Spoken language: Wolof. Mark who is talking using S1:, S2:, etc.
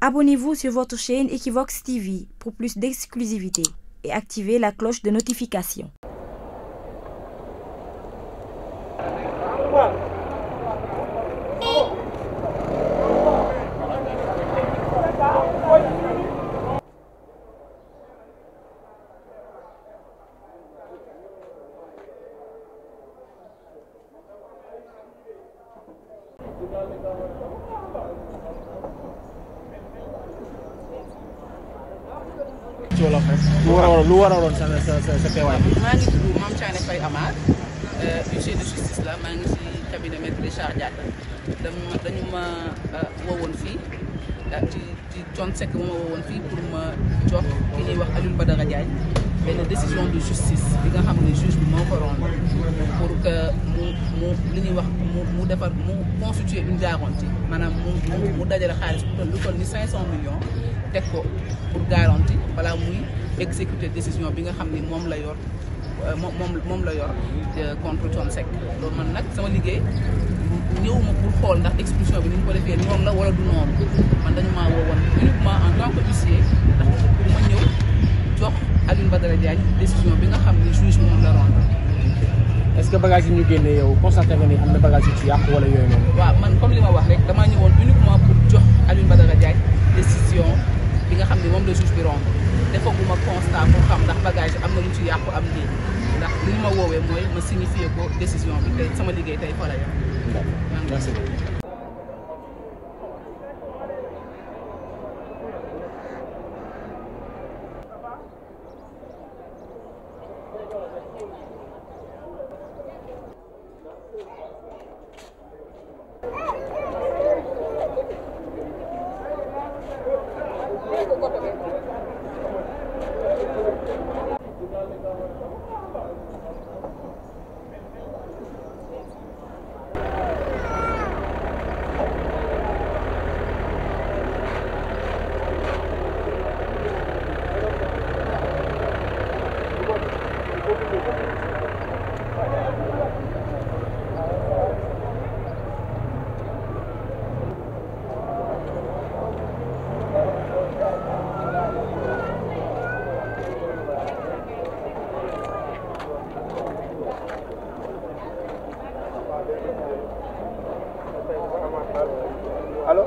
S1: Abonnez-vous sur votre chaîne Equivox TV pour plus d'exclusivité et activez la cloche de notification. ci wolof rek. lu war a waroon lu war a waroon sa sa euh, la maa si cabinet maître Richard Diatta dañu ma ma euh, woowoon fii. ci ci Thione Seck bu ma fii pour ma jox ki ñuy wax Alioune Badara Diagne benn décision de justice bi nga xam ne juge bi moo ko romb pour que mu mu li ñuy wax mu mu defar mu constituer une garantie maanaam mu mu dajale xaalis bu toll lu toll ni millions teg ko pour garantie balaa muy exécuter décision bi nga xam ne moom la yor. Euh, moom moom la yor euh, contre Thione loolu man nag sama liggéey ñëwuma pour xool ndax expulsion bi ni ñu ko defee noonu la wala du noonu man dañu maa woo woon uniquement en tant que huissier ndax pour ma ñëw jox Alioune Badara Diagne décision bi nga xam ne juge moom la rendre. est-ce que bagage yi ñu génnee yow constaté nga ni am na bagage yu ci yàqu wala yooyu moom waaw man comme li ma wax rek damaa ñëwoon uniquement pour jox Alioune Badara Diagne décision. bi nga xam ne moom la juge bi romb defaguma constat pour xam ndax bagage am na lu ci yàqu am lii ndax li ñu ma woowee mooy ma signifier ko décision bi tey sama liggéey tey fa la yem. allo.